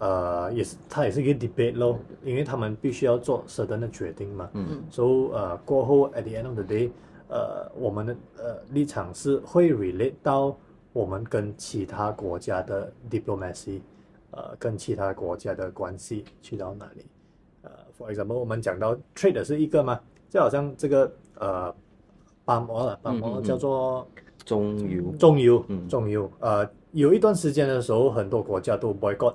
呃，也是，他也是一個 debate 咯，因為他們必須要做 certain 的決定嘛。嗯。所、so, 以呃，過後 at the end of the day，呃，我們的呃立場是會 relate 到我們跟其他國家的 diplomacy，呃，跟其他國家的關係去到哪裏。呃 for example，我們講到 trade 是一個嘛，就好像這個呃 palm oil 啦，palm oil、嗯嗯嗯、叫做棕油，棕油、嗯，棕油。呃，有一段時間的時候，很多國家都 boy boycott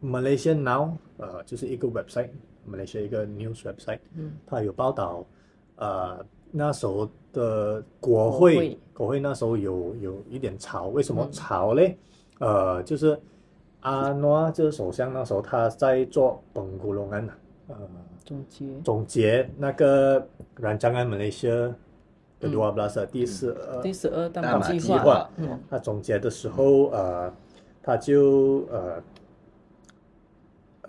馬來西亞 now，呃，就是一個 website，馬來西亞一個 news website，、嗯、它有報道，呃，那時候的國會，國會，國會那時候有有一點吵，為什麼吵嘞、嗯？呃，就是阿諾就是首相，那時候他在做本古隆案啊，誒、呃，總結總結那個 Rancangan，馬來西亞的第十二第十二大馬計劃、嗯嗯，嗯，他總結的時候，呃，他就呃。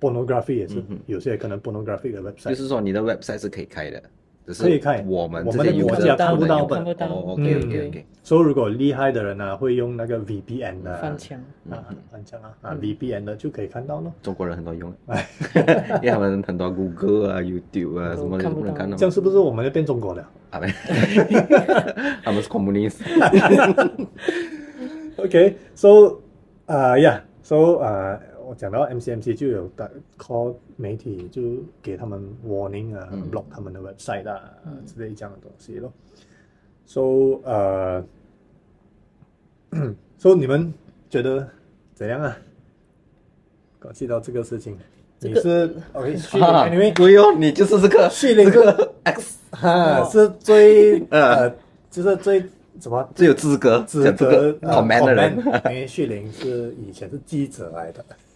pornography 也是、嗯，有些可能 pornography 的 website，就是說你的 website 是可以開的，只、就是可以開。我們我們的國家看不到，O K O K。o k 所以如果厲害的人呢、啊，會用那個 V P N 的，翻牆啊翻牆啊，嗯、啊 V P N 的就可以看到呢。中國人很多用，的。 因為他們很多 Google 啊 YouTube 啊、嗯，什麼，你都，看都不能看到。這樣是不是我們就變中國了？啊咩？啊咪是 communist。O K，so，啊，yeah，so，啊。我講到 MCMC 就有得 call 媒體，就給他們 warning 啊、嗯、，lock 他們的 website 啊、嗯、之類一樣的東西咯。So，誒、uh,，So 你們覺得怎樣啊？講起到這個事情，這個、你是哈追哦，你就是呢、這個徐林個、這個 X，啊啊，是 X 哈是最呃、啊，就是最怎麼，最有資格資格好 man 的人，這個呃、因為徐林是以前是記者來的。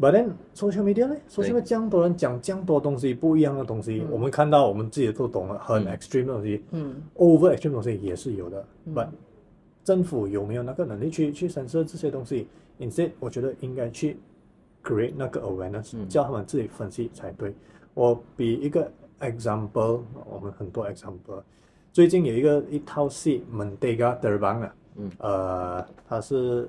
But then social media 呢 Social media 這樣多人講這樣多東西，不一樣的東西、嗯，我們看到我們自己都懂了，很 extreme 嘅東西、嗯、，over extreme 的東西也是有的、嗯。But 政府有沒有那個能力去去審視這些東西？Instead，我覺得應該去 create 那個 awareness，、嗯、叫他們自己分析才對。我比一個 example，我們很多 example，最近有一個一套戲《Mentega Terbang》啊、嗯，呃，它是。